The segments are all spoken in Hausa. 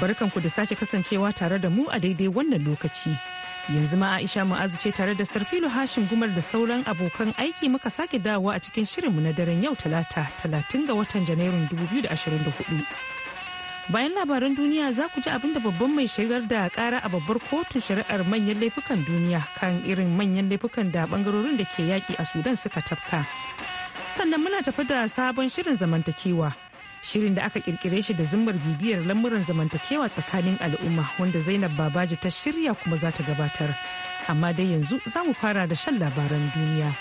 Barkanku da sake kasancewa tare da mu a daidai wannan lokaci. Yanzu ma Aisha Mu'azu ce tare da Sarfilu Hashim Gumar da sauran abokan aiki muka sake dawowa a cikin shirinmu na daren yau Talata, talatin ga watan Janairun hudu. Bayan labaran duniya za ku ji abin da babban mai shigar da kara a babbar kotun shari'ar manyan laifukan duniya kan irin manyan laifukan da bangarorin da ke yaki a Sudan suka tafka. Sannan muna tafi da sabon shirin zamantakewa. shirin da aka kirkire shi da zimmar bibiyar lamuran zamantakewa tsakanin al'umma wanda zainab babaji ta shirya kuma za ta gabatar amma dai yanzu za mu fara da shan labaran duniya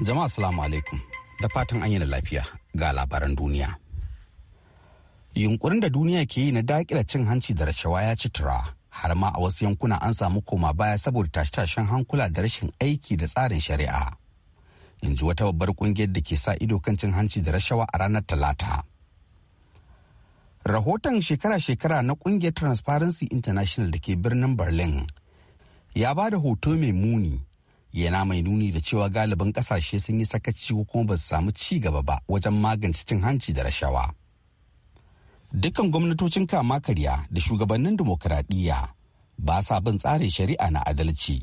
jama'a salamu alaikum da fatan an yi lafiya ga labaran duniya yunkurin da duniya ke yi na dakila cin hanci da rashawa ya ci turawa. har ma a wasu yankuna an samu koma baya saboda tashe-tashen hankula da rashin aiki da tsarin shari'a in ji wata babbar kungiyar da ke sa ido kan cin hanci da rashawa a ranar talata rahoton shekara-shekara na kungiyar transparency international da ke birnin berlin ya ba da hoto mai muni yana mai nuni da cewa galibin kasashe sun yi sakaci ko kuma ba su samu ci gaba ba wajen magance cin hanci da rashawa dukkan gwamnatocin kama karya da shugabannin demokuraɗiyya ba sa bin tsarin shari'a na adalci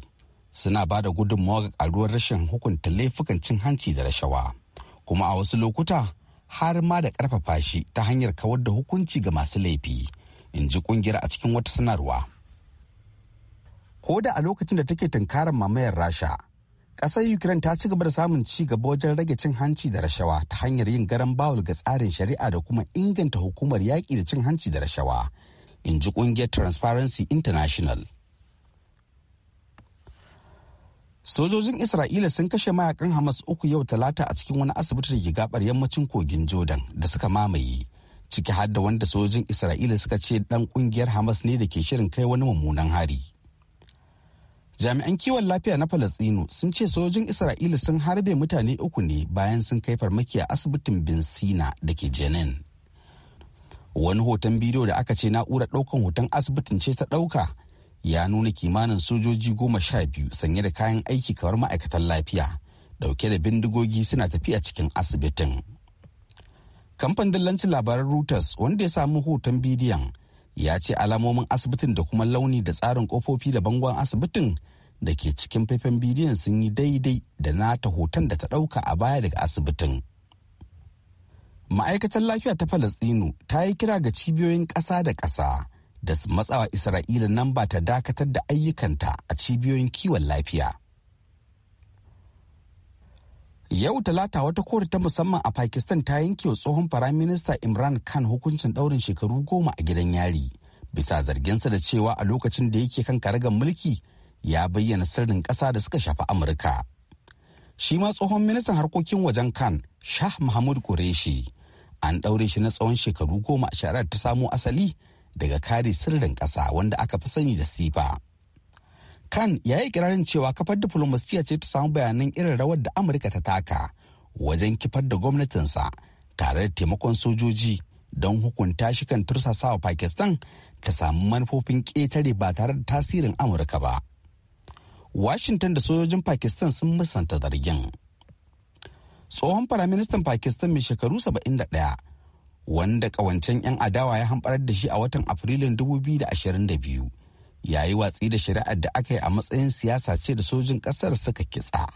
suna ba da gudunmawa ga karuwar rashin hukunta laifukan cin hanci da rashawa kuma a wasu lokuta har ma da karfafa shi ta hanyar kawar da hukunci ga masu laifi in ji kungiyar a cikin wata sanarwa ko da a lokacin da take tunkarar mamayar rasha ƙasar ukraine ta ci gaba da samun ci gaba wajen rage cin hanci da rashawa ta hanyar yin garan bawul ga tsarin shari'a da kuma inganta hukumar yaƙi da cin hanci da rashawa in ji ƙungiyar transparency international sojojin isra'ila sun kashe mayakan hamas uku yau talata a cikin wani asibiti da ke gabar yammacin kogin jordan da suka mamaye ciki har da wanda sojojin isra'ila suka ce ɗan ƙungiyar hamas ne da ke shirin kai wani mummunan hari jami'an kiwon lafiya na falastinu sun ce sojojin isra'ila sun harbe mutane uku ne bayan sun kai farmaki a asibitin bin sina da ke jenin wani hoton bidiyo da aka ce na'urar ɗaukan hoton asibitin ce ta ɗauka ya nuna kimanin sojoji goma sha biyu sanye da kayan aiki kamar ma'aikatan lafiya ɗauke da bindigogi suna tafiya cikin asibitin kamfanin dillancin labaran reuters wanda ya samu hoton bidiyon ya ce alamomin asibitin da kuma launi da tsarin kofofi da bangon asibitin da ke cikin faifan bidiyon sun yi daidai da nata hoton da ta ɗauka a baya daga asibitin. Ma'aikatar lafiya ta Falastinu ta yi kira ga cibiyoyin ƙasa da ƙasa da su matsawa Isra'ila nan ba ta dakatar da ayyukanta a cibiyoyin kiwon lafiya. Yau talata wata kotu ta musamman a Pakistan ta yanke wa tsohon minister Imran Khan hukuncin ɗaurin shekaru goma a gidan yari. Bisa zarginsa da cewa a lokacin da yake kan karagar mulki ya bayyana sirrin ƙasa da suka shafi Amurka. Shi ma tsohon ministan harkokin wajen Khan, Shah Mahmud Qureshi, an ɗaure shi na tsawon shekaru goma a shari'ar ta samo asali daga kare sirrin ƙasa wanda aka fi sani da sifa. kan ya yi kirarin cewa kafar diflomasiyya ce ta samu bayanan irin rawar da amurka ta taka wajen kifar da gwamnatinsa tare da taimakon sojoji don hukunta shi kan tursasawa pakistan ta samu manufofin ƙetare ba tare da tasirin amurka ba washington da sojojin pakistan sun musanta zargin tsohon firaministan pakistan mai shekaru 71 wanda kawancen 'yan adawa ya hamɓarar da shi a watan afrilun 2022 yayi watsi da shari'ar da aka yi a matsayin siyasa ce da sojin ƙasar suka kitsa.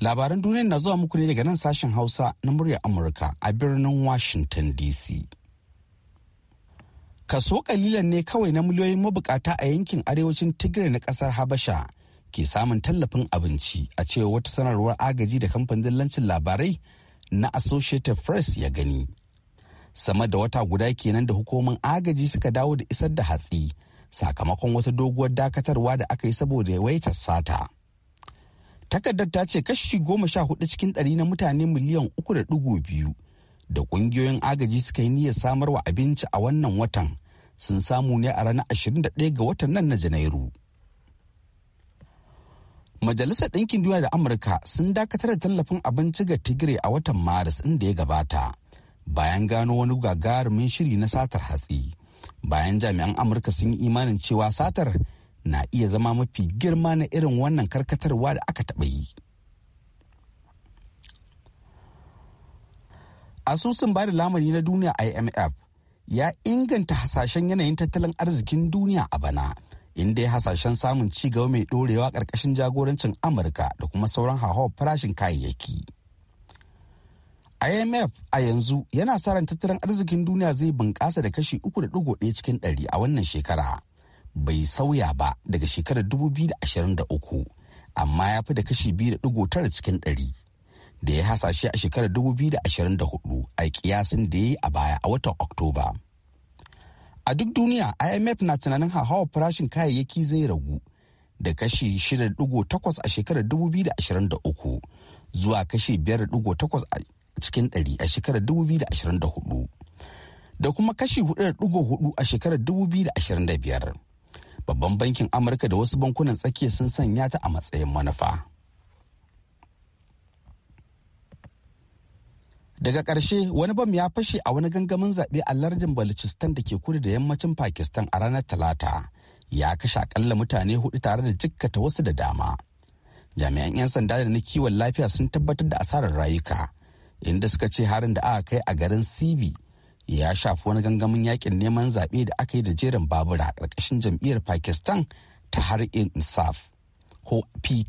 Labaran duniya na zuwa muku ne daga nan sashen Hausa na muryar Amurka a birnin Washington DC. Kaso kalilan ne kawai na miliyoyin mabukata a yankin arewacin Tigray na kasar Habasha ke samun tallafin abinci a cewa wata sanarwar agaji da kamfanin lancin labarai na Associated Press ya gani. sama da wata guda kenan da hukumin agaji suka dawo da isar da hatsi sakamakon wata doguwar dakatarwa da aka yi saboda yawaitar sata takardar ta ce kashi goma sha hudu cikin ɗari na mutane miliyan uku da dugu biyu da ƙungiyoyin agaji suka yi niyyar samarwa abinci a wannan watan sun samu ne a ranar ashirin da 21 ga watan nan na janairu Majalisar Ɗinkin Duniya da Amurka sun dakatar da tallafin abinci ga Tigray a watan Maris inda ya gabata. bayan gano wani gagarumin shiri na satar hatsi bayan jami'an amurka sun yi imanin cewa satar na iya zama mafi girma na irin wannan karkatarwa da aka taɓa yi asusun ba da lamari na duniya imf ya inganta hasashen yanayin tattalin arzikin duniya a bana inda ya hasashen samun ci gaba mai ɗorewa ƙarƙashin jagorancin amurka da kuma sauran hawa farashin kayayyaki. IMF a yanzu yana sa ran tattalin arzikin duniya zai bunƙasa da kashi 3.1 cikin 100 a wannan shekara. Bai sauya ba daga shekarar 2023, amma ya fi da kashi 2.9 cikin 100 da ya hasashe a shekarar 2024 a kiyasin da ya yi a baya a watan Oktoba. A duk duniya IMF na tunanin hauhawar farashin kayayyaki zai ragu da kashi 6.8 a shekarar 2023 zuwa kashi 5.8 cikin ɗari a shekarar 2024 da kuma kashi 4.4 a shekarar 2025 babban bankin amurka da wasu bankunan tsakiya sun sanya ta a matsayin manufa daga ƙarshe wani bam ya fashe a wani gangamin zaɓe a lardin balochistan da ke kudu da yammacin pakistan a ranar talata ya kashe akalla mutane hudu tare da jikkata wasu da dama jami'an 'yan sanda da na kiwon lafiya sun tabbatar da asarar rayuka inda suka ce harin da aka kai a garin sibi ya shafi wani gangamin yakin neman zaɓe da aka yi da jerin babura ƙarƙashin jam'iyyar pakistan ta har insaf ko pti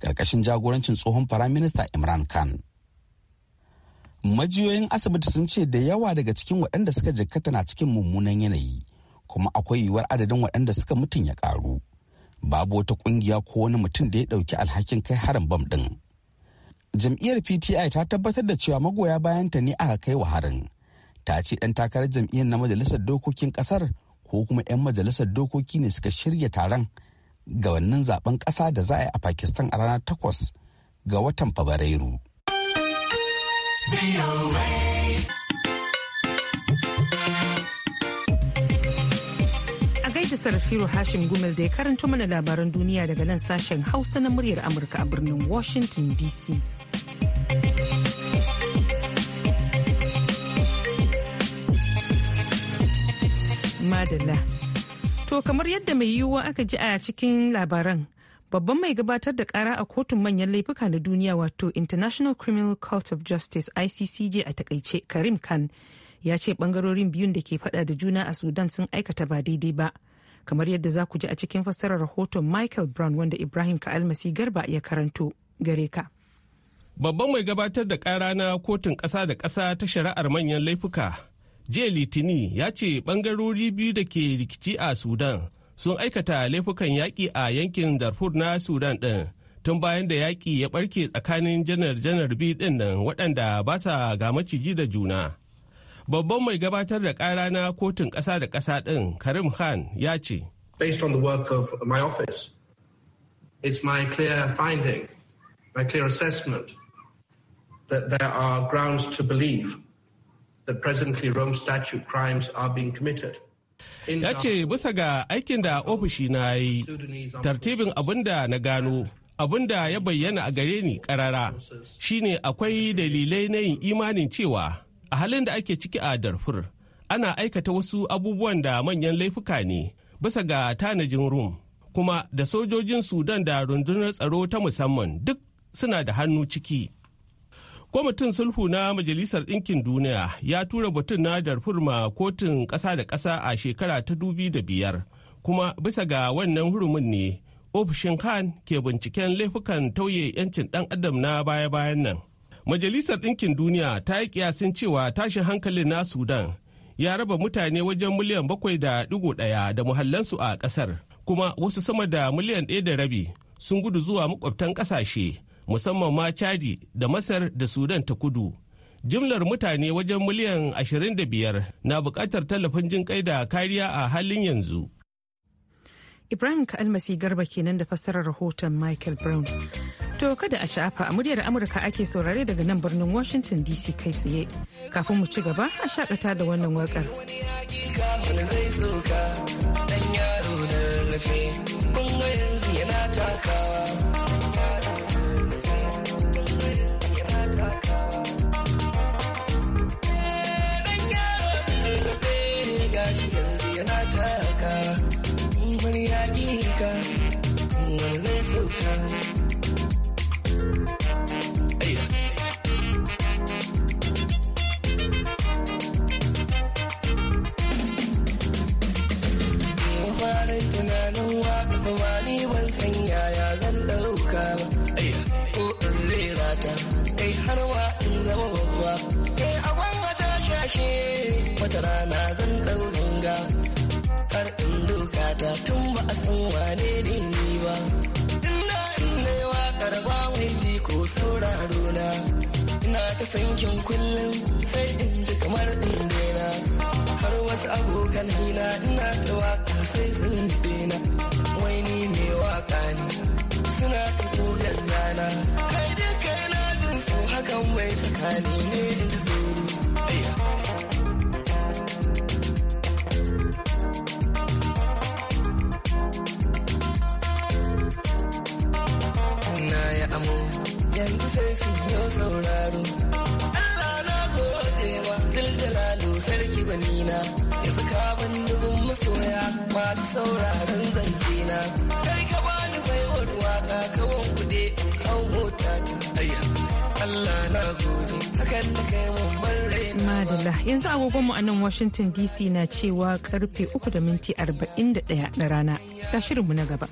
ƙarƙashin jagorancin tsohon firaminista imran khan majiyoyin asibiti sun ce da yawa daga cikin waɗanda suka jikkata na cikin mummunan yanayi kuma akwai yiwuwar adadin waɗanda suka mutum ya ƙaru babu wata ƙungiya ko wani mutum da ya ɗauki alhakin kai harin bam ɗin jam'iyyar pti ta tabbatar da cewa magoya bayanta ne aka kai wa harin ta ce ɗan takarar jam'iyyar na majalisar dokokin ƙasar ko kuma 'yan majalisar dokoki ne suka shirya taron ga wannan zaben ƙasa da za a yi a pakistan a ranar takwas ga watan fabrairu a gaida sarfiru hashim gumel da ya karanto mana labaran duniya daga nan sashen hausa na muryar amurka a birnin washington dc To kamar yadda mai yiwuwa aka ji a cikin labaran babban mai gabatar da kara a kotun manyan laifuka na duniya wato International Criminal Court of Justice ICCJ a takaice Karim Khan ya ce bangarorin biyun da ke fada da juna a Sudan sun aikata ba daidai ba. Kamar yadda za ku ji a cikin fassarar rahoton Michael Brown wanda Ibrahim Ka'almasi Garba ya karanto gare ka. Babban mai gabatar da kara na kotun ƙasa da ƙasa ta shari'ar manyan laifuka jiya litini ya ce bangarori biyu da ke rikici a sudan sun aikata laifukan yaƙi a yankin darfur na sudan ɗin tun bayan da yaƙi ya ɓarke tsakanin janar-janar biyu ɗin nan waɗanda ba sa ga maciji da juna babban mai gabatar da ƙara na kotun ƙasa da ƙasa ɗin karim khan ya ce based on the work of my office it's my clear finding my clear assessment that there are grounds to believe that presently Rome Statute crimes are being committed. Ya ce bisa ga aikin da ofishi na yi tartibin abin da na gano abin da ya bayyana a gare ni karara shine akwai dalilai na yin imanin cewa a halin da ake ciki a darfur ana aikata wasu abubuwan da manyan laifuka ne bisa ga tanajin Rome, kuma da sojojin sudan da rundunar tsaro ta musamman duk suna da hannu ciki. Kwamitin sulhu na Majalisar Ɗinkin Duniya ya tura batun na Darfur ma kotun ƙasa da ƙasa a shekara ta dubi da biyar, kuma bisa ga wannan hurumin ne ofishin Khan ke binciken laifukan tauye 'yancin ɗan adam na baya-bayan nan. Majalisar Ɗinkin Duniya ta yi kiyasin cewa tashin hankalin na Sudan ya raba mutane wajen miliyan bakwai da digo ɗaya da muhallansu a ƙasar, kuma wasu sama da miliyan ɗaya da rabi sun gudu zuwa makwabtan ƙasashe. musamman ma chadi da masar da sudan ta kudu jimlar mutane wajen miliyan 25 na bukatar tallafin jin kai da kariya a halin yanzu ibrahim kalmasi garba kenan da fassarar rahoton michael brown to kada a sha'afa a muryar amurka ake saurare daga nan birnin washington dc kai tsaye kafin mu ci gaba a shakata da wannan wakar yana takawa chiunque yanzu agogonmu a nan Washington DC na cewa karfe 3 da minti 41 na rana. ta shirinmu na gaba.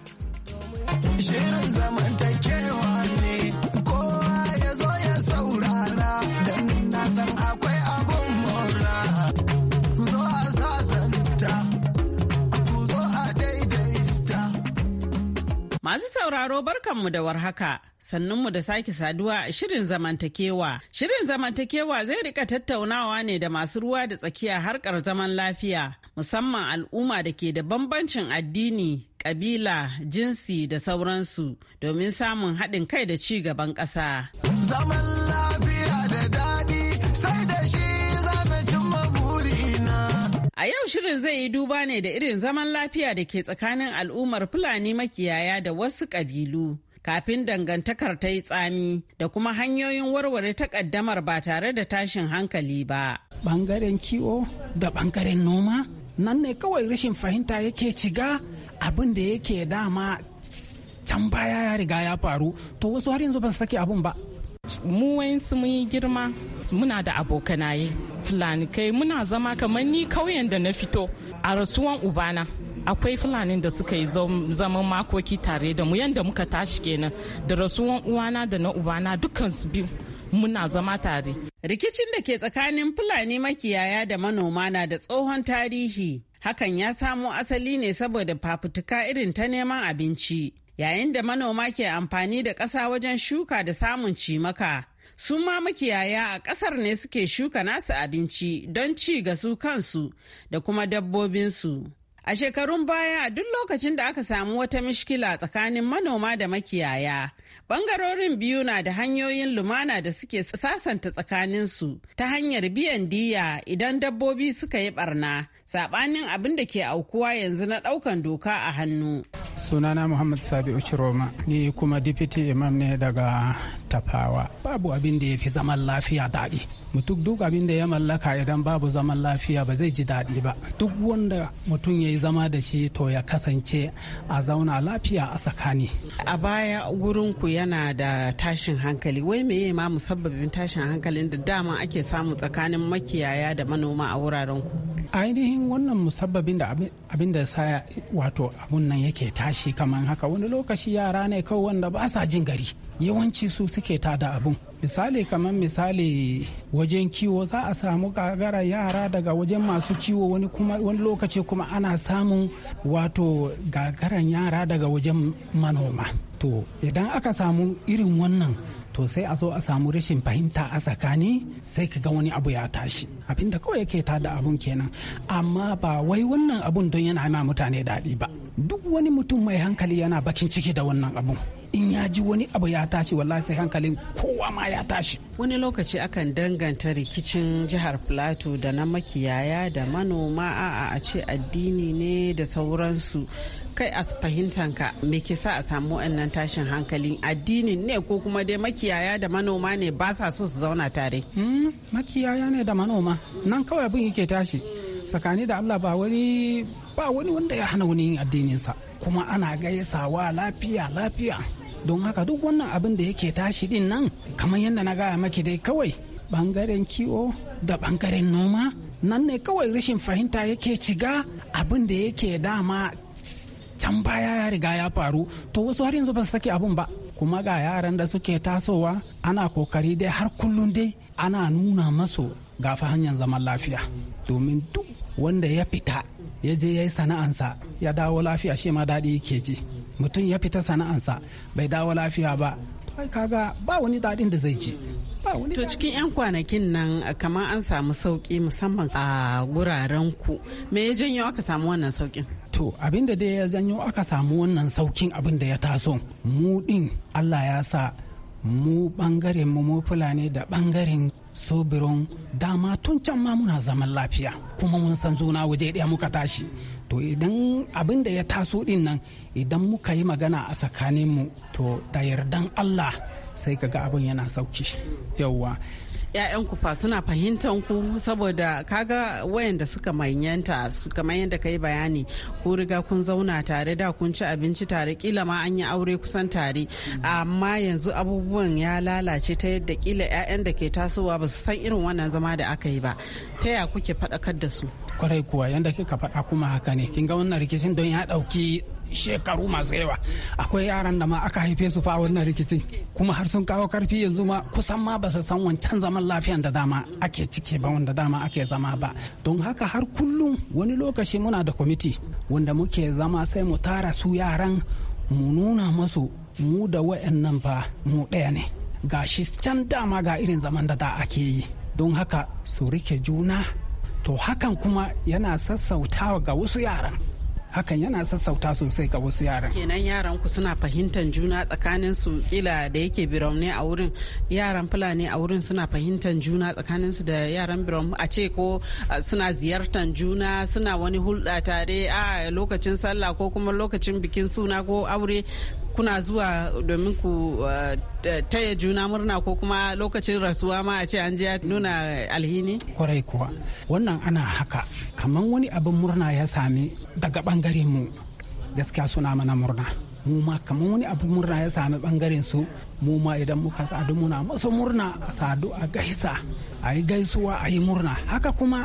Masu sauraro barkanmu da warhaka, sannunmu da sake saduwa a shirin zamantakewa. Shirin zamantakewa zai rika tattaunawa ne da masu ruwa da tsakiya harkar zaman lafiya, musamman al'umma da ke da bambancin addini, ƙabila jinsi da sauransu, domin samun haɗin kai da ci gaban ƙasa. Zaman lafiya. A yau shirin zai yi duba ne da irin zaman lafiya da ke tsakanin al'ummar Fulani makiyaya da wasu ƙabilu. Kafin dangantakar ta yi tsami da kuma hanyoyin warware takaddamar ba tare da tashin hankali ba. Bangaren kiwo da bangaren noma nan ne kawai rashin fahimta yake ciga abin da yake dama can baya ya riga ya faru to wasu har yanzu ba su sake abin ba mu su mun yi girma muna da abokanaye fulani kai muna zama kamar ni kauyen da na fito a rasuwan ubana akwai fulanin da suka yi zaman makoki tare da mu yadda muka tashi kenan da rasuwan uwana da na ubana dukansu biyu muna zama tare rikicin da ke tsakanin fulani makiyaya da manoma na da tsohon tarihi hakan ya samo asali ne saboda fafutuka irin ta neman abinci Yayin da manoma ke amfani da ƙasa wajen shuka da samun cimaka, su ma makiyaya a ƙasar ne suke shuka nasu abinci don ci ga su kansu da kuma dabbobinsu. A shekarun baya duk lokacin da aka samu wata mishkila tsakanin manoma da makiyaya, bangarorin biyu na da hanyoyin lumana da suke sasanta tsakaninsu ta hanyar biyan diya idan dabbobi suka yi barna, saɓanin abin da ke aukuwa yanzu na ɗaukan doka a hannu. Sunana Muhammad Sabi Uchiroma, ni kuma Deputy Imam ne daga Tafawa. Babu abin da ya fi zaman lafiya daɗi. Mutum duk abin da ya mallaka idan babu zaman lafiya ba zai ji daɗi ba. Duk wanda mutum ya yi zama da shi to ya kasance a zauna lafiya a tsakani. A baya gurinku yana da tashin hankali wai me ma musabbabin tashin hankali da dama ake samu tsakanin makiyaya da manoma a wuraren ku. ainihin wannan musabbabin da abin da sa wato abun nan yake tashi kamar haka wani lokaci yara ne kawai wanda ba sa jin gari yawanci su suke tada abun misali kamar misali wajen kiwo za a samu gagara yara daga wajen masu kiwo wani kuma wani lokaci kuma ana samun wato gagaran yara daga wajen manoma to idan aka samu irin wannan to sai a zo a samu rashin fahimta a tsakani sai ka ga wani abu ya tashi abinda kawai yake da abun kenan amma ba wai wannan abun don yana ma mutane daɗi ba duk wani mutum mai hankali yana bakin ciki da wannan abun in ya ji wani abu ya tashi wallahi sai hankalin kowa ma ya tashi wani lokaci akan danganta rikicin jihar plateau da na makiyaya da manoma a'a a ce addini ne da sauransu kai a fahimtanka me ke sa a samu wannan tashin hankalin addinin ne ko kuma dai makiyaya da manoma ne ba sa so su zauna tare hmm, makiyaya ne da manoma nan kawai abin yake tashi tsakani da allah ba wani ba wani wanda ya hana wani addininsa kuma ana gaisawa lafiya lafiya don haka duk wannan abin da yake tashi din nan kamar yadda na gaya maki dai kawai bangaren kiwo da bangaren noma nan ne kawai rashin fahimta yake ciga abin da yake dama can baya ya riga ya faru to wasu har yanzu ba su sake abin ba kuma ga yaran da suke tasowa ana kokari dai har kullum dai ana nuna masu fa hanyar zaman lafiya domin duk wanda ya fita ya je ya yi sana'ansa ya dawo lafiya shi ma daɗi yake ji mutum ya fita sana'ansa bai dawo lafiya ba kaga ba wani daɗin da zai ji to cikin 'yan kwanakin nan kamar an samu sauki musamman a guraren ku me ya janyo aka samu wannan saukin to abin da ya janyo aka samu wannan saukin abin da ya taso mu din allah ya sa mu bangaren mu mu fulani da bangaren sobiron dama tun can ma muna zaman lafiya kuma mun san zuna waje ɗaya muka tashi to idan abin da ya taso din nan idan muka yi magana a tsakanin mu to da yardan allah sai kaga abin yana sauki yauwa ku fa suna fahimtar ku saboda kaga wayanda suka manyanta kamar yadda ka yi bayani ku riga kun zauna tare da kun ci abinci tare kila ma an yi aure kusan tare amma yanzu abubuwan ya lalace ta yadda kila ‘ya'yan da ke tasowa ba su san irin wannan zama da aka yi ba ta ya kuke faɗakar da su kwarai kuwa yadda kika faɗa kuma haka ne kin ga wannan rikicin don ya ɗauki shekaru masu yawa akwai yaran da ma aka haife su fa wannan rikicin kuma har sun kawo karfi yanzu ma kusan ma ba su san wancan zaman lafiyan da dama ake ciki ba wanda dama ake zama ba don haka har kullum wani lokaci muna da kwamiti wanda muke zama sai mu tara su yaran mu nuna masu mu da wa'annan ba mu ɗaya ne ga shi can dama ga irin zaman da da ake yi don haka su rike juna to hakan kuma yana sassautawa ga wasu yaran hakan yana sassauta sosai ga wasu yaran kenan yaran ku suna fahimtar juna tsakanin su kila da yake biramne a wurin yaran fulani a wurin suna fahimtar juna tsakanin su da yaran biram a ce ko suna ziyartar juna suna wani hulɗa tare a lokacin sallah ko kuma lokacin bikin suna ko aure kuna zuwa domin ku uh, taya juna murna ko kuma lokacin rasuwa ma a ce an ji nuna alhini? Kwarai kuwa. Wannan ana haka, kamar wani abin murna ya sami daga bangare mu gaskiya suna mana murna. mu ma kamar wani abin murna ya sami bangaren su mu ma idan muka sadu muna masu murna a sadu a gaisa a yi gaisuwa a yi murna haka kuma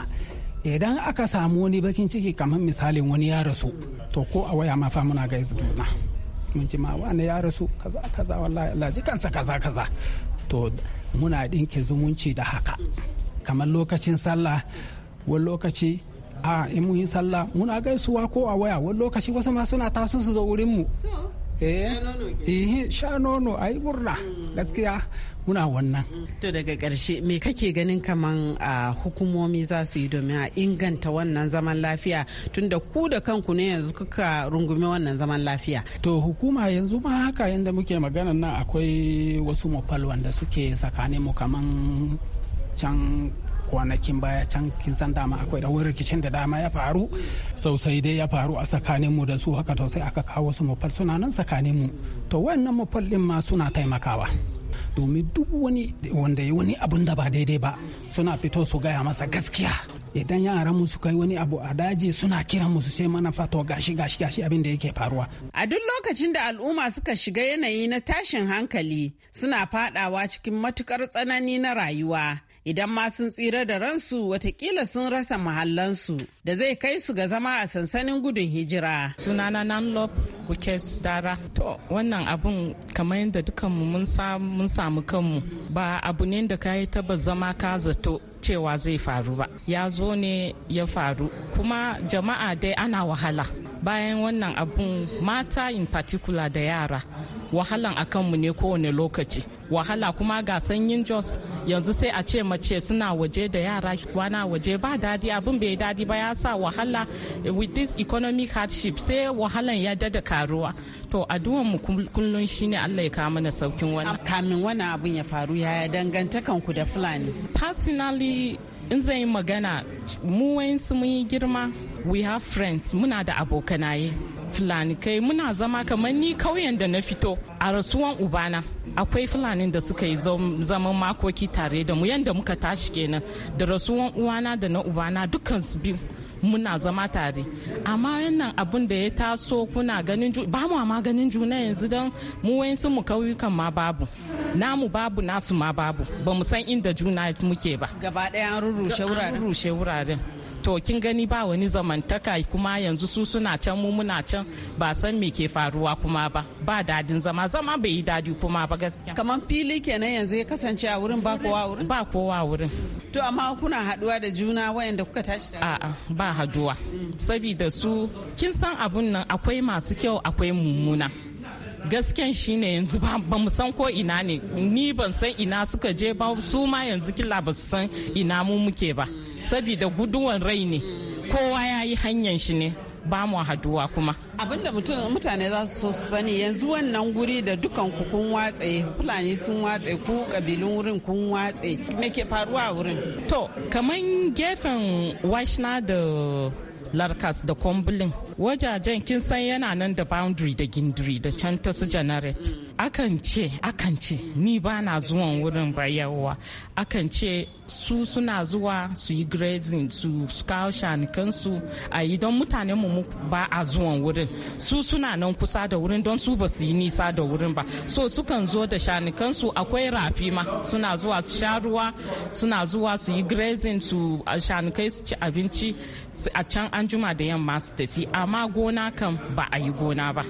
idan aka samu wani bakin ciki kamar misalin wani ya rasu to ko a waya ma fa muna gaisa juna mun ji ma wani ya rasu kaza kaza wallahi Allah ji kansa kaza kaza to muna dinke zumunci da haka kamar lokacin sallah wani lokaci a in mun yi sallah muna gaisuwa ko a waya wani lokaci wasu ma suna taso su zo wurin mu eh sha nono ayi eh, murna mm. gaskiya muna wannan to daga karshe me kake ganin kaman a hukumomi za su yi domin a inganta wannan zaman lafiya tunda ku da kanku ne yanzu kuka rungume wannan zaman lafiya to hukuma yanzu ma haka yanda muke magana nan akwai wasu mafal wanda suke tsakanin mu kaman can kwanakin baya can kin san dama akwai da rikicin da dama ya faru sosai dai ya faru a tsakanin mu da su haka to sai aka kawo su mafal suna nan tsakanin mu to wannan mafal din ma suna taimakawa domin duk wani wanda ya wani abun da ba daidai ba suna fito su gaya masa gaskiya idan yaran mu suka yi wani abu a daji suna kiran mu su sai mana fato gashi gashi gashi abin da yake faruwa a duk lokacin da al'umma suka shiga yanayi na tashin hankali suna fadawa cikin matukar tsanani na rayuwa idan ma sun tsira da ransu watakila sun rasa mahallansu da zai kai su ga zama a sansanin gudun hijira. Sunana Nanlop Gukes Dara. To, wannan abun kamar yadda dukanmu mun samu kanmu ba abu ne da ka yi taba zama ka zato cewa zai faru ba. Ya zo ne ya faru. Kuma jama'a dai ana wahala. Bayan wannan abun mata in particular da yara wahalan a kanmu ne kowane lokaci wahala kuma ga sanyin jos yanzu sai a ce mace suna waje da yara kwana waje ba dadi abin bai dadi ba ya sa wahala with this economic hardship sai wahalan ya dada karuwa to mu shine Allah ya kawo mana saukin wannan kamin wannan abin ya faru ya dangantakan ku da fulani personally in zai yi magana mu wayansu mun yi girma we have friends muna da abokanaye fulani kai muna zama kamar ni kauyen da na fito a rasuwan ubana akwai fulani da suka yi zaman makoki tare da mu yadda muka tashi kenan da rasuwan uwana da na ubana dukkan su biyu muna zama tare amma wannan abin da ya taso kuna ganin ba mu ma ganin juna yanzu don mu wayansu mu kauyukan ma babu namu babu nasu ma babu ba mu san inda juna muke ba gaba daya an rurrushe wuraren to kin gani ba wani zamantaka kuma yanzu su suna can mu muna can ba san me ke faruwa kuma ba ba dadin zama zama bai yi dadi kuma ba gaskiya kamar fili kenan yanzu ya kasance a wurin ba kowa wurin ba kowa wurin to amma kuna haduwa da juna wayanda kuka tashi a ba haduwa saboda su kin san abun nan akwai masu kyau akwai mummuna gasken ne yanzu ba mu san ko ina ne ni ban san ina suka je ba su ma yanzu kila ba su san ina mu muke ba saboda guduwan rai ne kowa ya yi hanyar shi ne ba mu haduwa kuma. Abinda mutane za su so su sani yanzu wannan guri da dukan ku kun watse Fulani sun watse ku kabilun wurin kun watse me ke faruwa a wurin. To kaman gefen Washna da larkas da kwambulin wajajen kin san yana nan da boundary da gindiri da can ta su generate akan ce akan ce ni ba na zuwan wurin bayarwa akan ce su suna zuwa su yi grazing su kawo shanikansu a yi don mutanen mu ba a zuwan wurin su suna nan kusa da wurin don su ba su yi nisa da wurin ba so sukan zo da shanikansu akwai rafi ma suna zuwa su sha ruwa suna zuwa su yi grazing su shanikai su ci abinci a can an juma da yamma su tafi amma gona kan ba a yi gona ba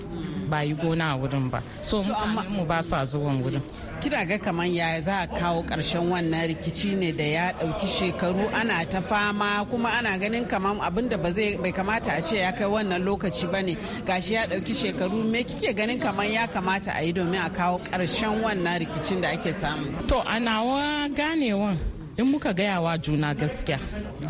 ba yi gona a wurin ba so mu ba a zuwan wurin kira ga kaman ya za a kawo karshen wannan rikici ne da ya dauki shekaru ana ta fama kuma ana ganin kaman abin da ba zai bai kamata a ce ya kai wannan lokaci ba ne gashi ya dauki shekaru me kike ganin kaman ya kamata a yi domin a kawo karshen wannan rikicin da ake samu to a nawa ganewan in muka gaya wa juna gaskiya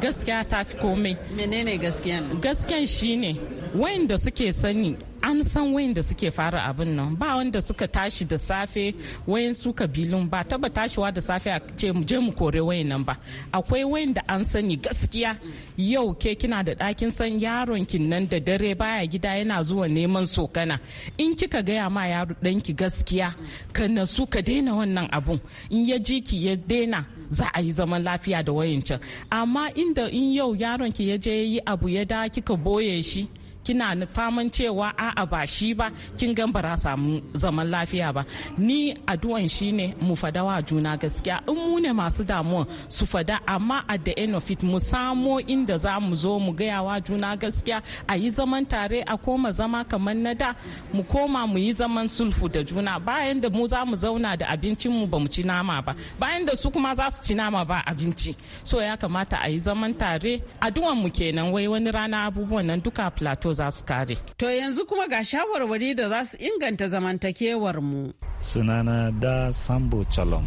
gaskiya ta fi komai menene gaskiyan gaskiyan shine wayanda suke sani an san wayanda suke fara abin nan ba wanda suka tashi da safe wayan su kabilun ba taba tashiwa da safe a je mu kore wayan nan ba akwai wayanda an sani gaskiya yau ke kina da ɗakin san yaron kin nan da dare baya gida yana zuwa neman sokana in kika gaya ma yaro ɗanki gaskiya ka na su ka daina wannan abun in ya ji ki ya daina za a yi zaman lafiya da wayan amma inda in yau yaron ki ya je yi abu ya da kika boye shi kina faman cewa a'a ba shi ba kin gan ba samu zaman lafiya ba ni addu'an ne mu fada wa juna gaskiya in mu ne masu damuwa su fada amma a da end mu samo inda za mu zo mu gaya wa juna gaskiya a yi zaman tare a koma zama kamar na da mu koma mu yi zaman sulhu da juna bayan da mu za mu zauna da abincin mu ba mu ci nama ba bayan da su kuma za su ci nama ba abinci so ya kamata a yi zaman tare addu'an mu kenan wai wani rana abubuwan nan duka plateau za su kare. To yanzu kuma ga shawarwari da za su inganta zamantakewar mu. Sunana da Sambo Chalom,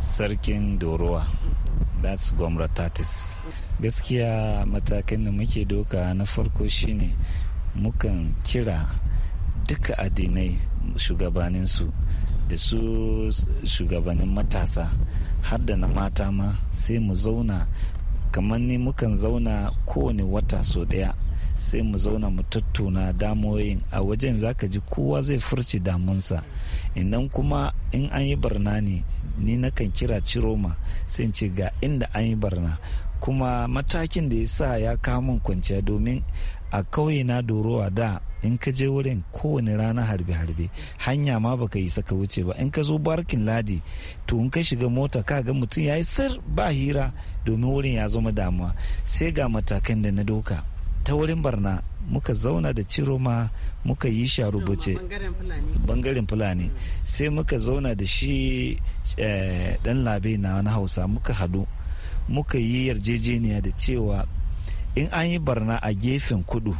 sarkin Dorowa, that's tatis Gaskiya matakan da muke doka na farko shine mukan kira duka addinai shugabaninsu da su shugabannin matasa har da na mata ma sai mu zauna kamar ni mukan zauna kowane wata so daya sai mu zauna mu tattuna damoyin a wajen zaka ji kowa zai furci damunsa idan kuma in an yi barna ne ni nakan kira ciroma sai ce ga inda an yi barna kuma matakin da ya sa ya kamun kwanciya domin a kauye na dorowa da in ka je wurin kowane rana harbe-harbe hanya ma baka yi saka wuce ba in ka zo barkin ladi to in ka shiga mota ka ga mutum ya yi sir ba hira domin wurin ya zama damuwa sai ga matakan da na doka ta wurin barna muka zauna da ciroma muka yi shi rubuce bangaren fulani sai muka zauna da shi eh, dan labe na wani hausa muka hadu muka yi yarjejeniya da cewa in an yi barna a gefen kudu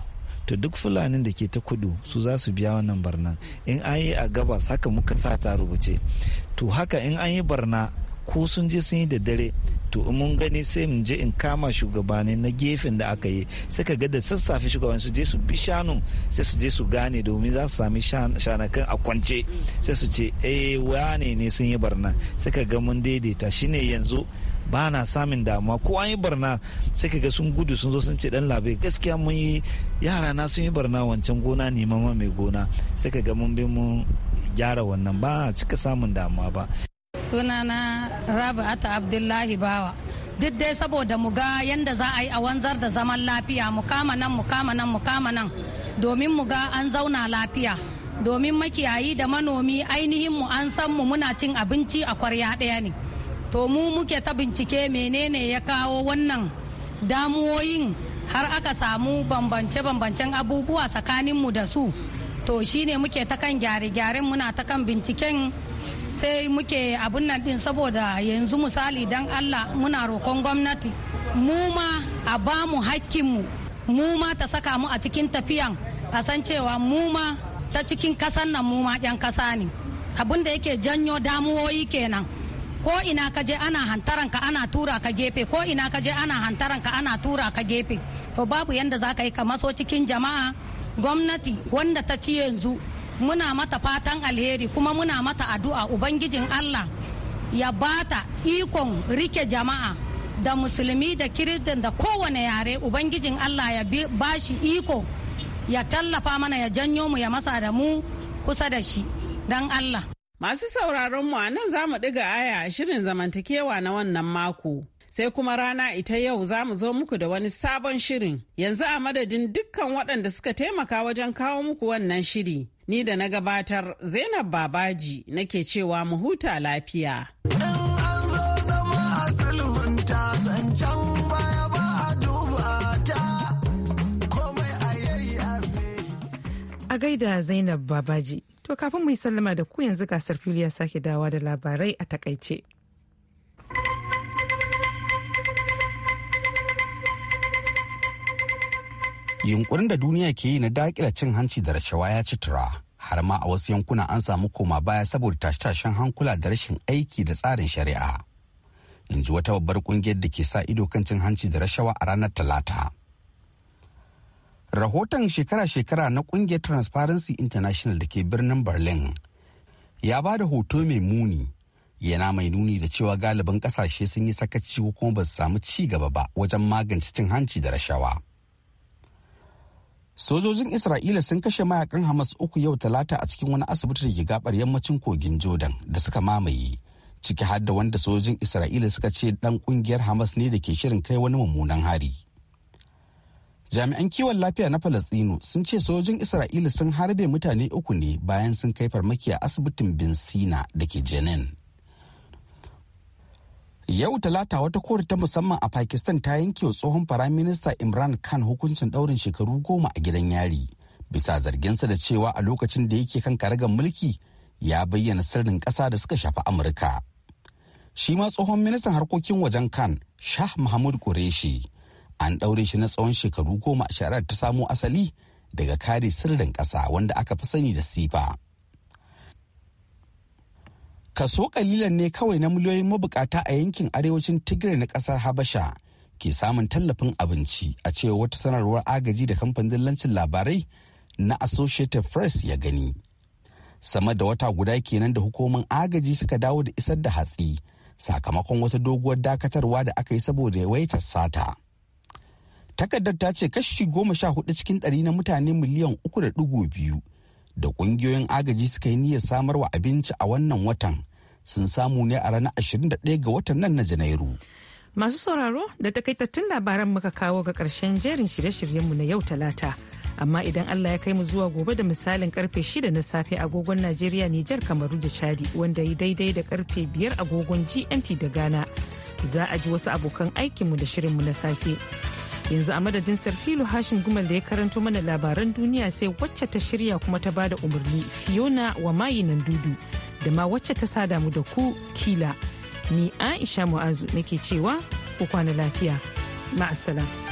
to duk fulani da ke ta kudu su za su biya wannan barna in an yi a gabas haka muka sa ta rubuce to haka in an yi barna ko sun je sun yi da dare to mun gani sai mun je in kama shugabanni na gefen da aka yi sai ka ga da sassafe shugaban su je su bi shanun sai su je su gane domin za su sami shanakan a kwance sai su ce eh wane ne sun yi barna sai ka ga mun daidaita shine yanzu ba na samun damuwa ko an yi barna sai ka ga sun gudu sun zo sun ce dan labe gaskiya mun yi yara na sun yi barna wancan gona ne mama mai gona sai ka ga mun bi mun gyara wannan ba cika samun damuwa ba sunana ata abdullahi bawa duk dai saboda mu ga yadda za a yi a wanzar da zaman lafiya mu kama nan mu kama nan mu kama nan domin mu ga an zauna lafiya domin makiyayi da manomi ainihin mu an san mu muna cin abinci a kwarya ɗaya ne to mu muke ta bincike menene ya kawo wannan damuwoyin har aka samu bambance-bambancen abubuwa tsakanin mu da su to shine muke ta kan gyare-gyaren muna ta kan binciken sai muke abun nan din saboda yanzu misali dan Allah muna rokon gwamnati mu ma a ba mu hakkinmu mu ma ta saka mu a cikin tafiyan a san cewa mu ma ta cikin kasan nan mu ma yan kasa ne abun da yake janyo damuwoyi kenan ko ina ka je ana hantaran ka ana tura ka gefe ko ina ka je ana hantaran ka ana tura ka gefe to babu yanda za ka yi ka maso cikin jama'a gwamnati wanda ta ci yanzu muna mata fatan alheri kuma muna mata addu'a ubangijin allah ya bata ikon rike jama'a da musulmi da kiristan da kowane yare ubangijin allah ya bashi iko ya tallafa mana ya janyo mu ya masa da mu kusa da shi don allah Masu sauraron mu a nan za mu ɗiga aya a shirin zamantakewa na wannan mako. sai kuma rana ita yau za mu zo muku da wani sabon shirin. Yanzu a madadin dukkan waɗanda suka taimaka wajen kawo muku wannan shiri. Ni da na gabatar Zainab Babaji nake cewa mu huta lafiya. A gaida Zainab Babaji, to kafin mu yi sallama da ku yanzu gasar fili ya sake dawa da labarai a takaice. yunkurin da duniya ke yi na daƙila cin hanci da rashawa ya ci tura har ma a wasu yankuna an samu koma baya saboda tashe-tashen hankula da rashin aiki da tsarin shari'a in ji wata babbar kungiyar da ke sa ido kan cin hanci da rashawa a ranar talata rahoton shekara-shekara na kungiyar transparency international da ke birnin berlin ya ba da hoto mai muni yana mai nuni da cewa galibin kasashe sun yi sakaci ko kuma ba su samu ci gaba ba wajen magance cin hanci da rashawa. Sojojin Isra'ila sun kashe mayakan Hamas uku yau talata a cikin wani asibiti da ke gabar yammacin kogin Jordan da suka mamaye. Ciki har da wanda sojojin Isra'ila suka ce dan kungiyar Hamas ne da ke shirin kai wani mummunan hari. Jami'an kiwon lafiya na Falastinu sun ce sojojin Isra'ila sun harbe mutane uku ne bayan sun kai farmaki a asibitin Bin Sina da ke Jenin. Yau talata wata kotu ta musamman a Pakistan ta yanke wa tsohon minister Imran Khan hukuncin ɗaurin shekaru goma a gidan yari. Bisa zarginsa da cewa a lokacin da yake kan karagar mulki ya bayyana sirrin ƙasa da suka shafi Amurka. Shi ma tsohon ministan harkokin wajen Khan, Shah Mahmud Qureshi, an ɗaure shi na tsawon shekaru goma a shari'ar ta samo asali daga kare sirrin ƙasa wanda aka fi sani da sifa. kaso kalilan ne kawai na miliyoyin mabukata a yankin arewacin tigray na kasar habasha ke samun tallafin abinci a cewa wata sanarwar agaji da kamfanin lancin labarai na associated press ya gani sama da wata guda kenan da hukumomin agaji suka dawo da isar da hatsi sakamakon wata doguwar dakatarwa da aka yi saboda yawaitar sata takardar ta ce kashi goma sha hudu cikin ɗari na mutane miliyan uku da dugu biyu da kungiyoyin agaji suka yi niyyar samar wa abinci a wannan watan sun samu ne a ranar 21 ga watan nan na janairu. Masu sauraro da takaitattun labaran muka kawo ga karshen jerin shirye-shiryenmu na yau talata. Amma idan Allah ya kai mu zuwa gobe da misalin karfe 6 na safe agogon Najeriya, Nijar, Kamaru da Chadi wanda ya daidai da karfe 5 agogon GMT da Ghana. Za a ji wasu abokan aikinmu da shirinmu na safe. yanzu a madadin sarfilu hashin gumal da ya karanto mana labaran duniya sai wacce ta shirya kuma ta bada umarni fiona wa mayinan dudu da ma wacce ta sada mu da ku kila ni aisha mu'azu nake cewa ku kwana lafiya ma'asala.